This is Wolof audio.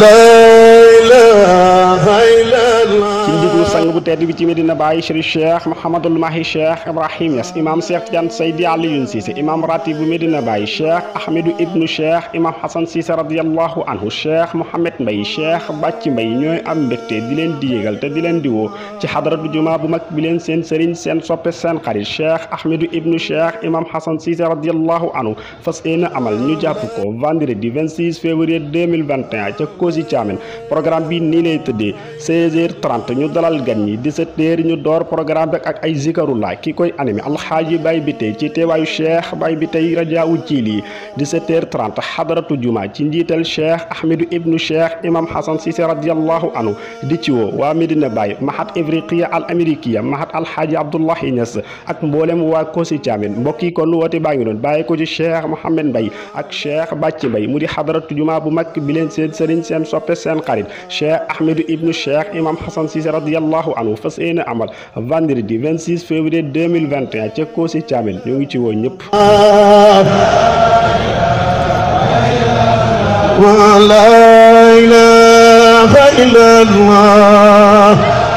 love. ci njiitu sang bu tedd bi ci Medina Baye Chérif Cheikh Mouhamadul Mahi Cheikh Ibrahim Niass imam Cheikh Tidiane Seydi Alioune Cissé imam ratib bu Medina Baye Cheikh Ahmedou Ibnu Cheikh imam Hassan Cissé radiyallahu anhu Cheikh Mouhamed Mbaye Cheikh Bàcci Mbaye ñooy am mbégte di leen di yégal te di leen di woo ci xadaratu jumaa bu mag bi leen seen sëriñ seen soppe seen xarit Cheikh Ahmedou Ibnu Cheikh imam Hassan Cissé radiyallahu anhu fas yéene amal ñu jàpp ko vendredi 26 février 2021 ca Kosi Thiamène programme bi nii lay tëddee 16h30 ñu dalal gan ñi 17h ñu door programme ak ay zikarullah ki koy animé haji bay bité ci téwayu cheikh bay bité rajaawu tili 17h30 hadratu juma ci njital cheikh Ahmedou ibnu cheikh imam Hassan sisi radiyallahu anhu di ci wo wa Medina bay mahat ivriqiya al amérikiya mahat haji abdullah Niass ak mbollem wa Kosi Thiamène mbokki kon woote ba ngi doon baye ko ci cheikh mohammed bay ak cheikh Bàcci bay mudi hadratu juma bu mak bi len seen serigne seen soppe seen xarit cheikh Ahmedou ibnu cheikh imam Hassan Cissé radiyallahu anhu vendredi 26 février 2021 à tchèque Thiamène ñu ngi ci wo